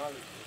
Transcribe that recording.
Right.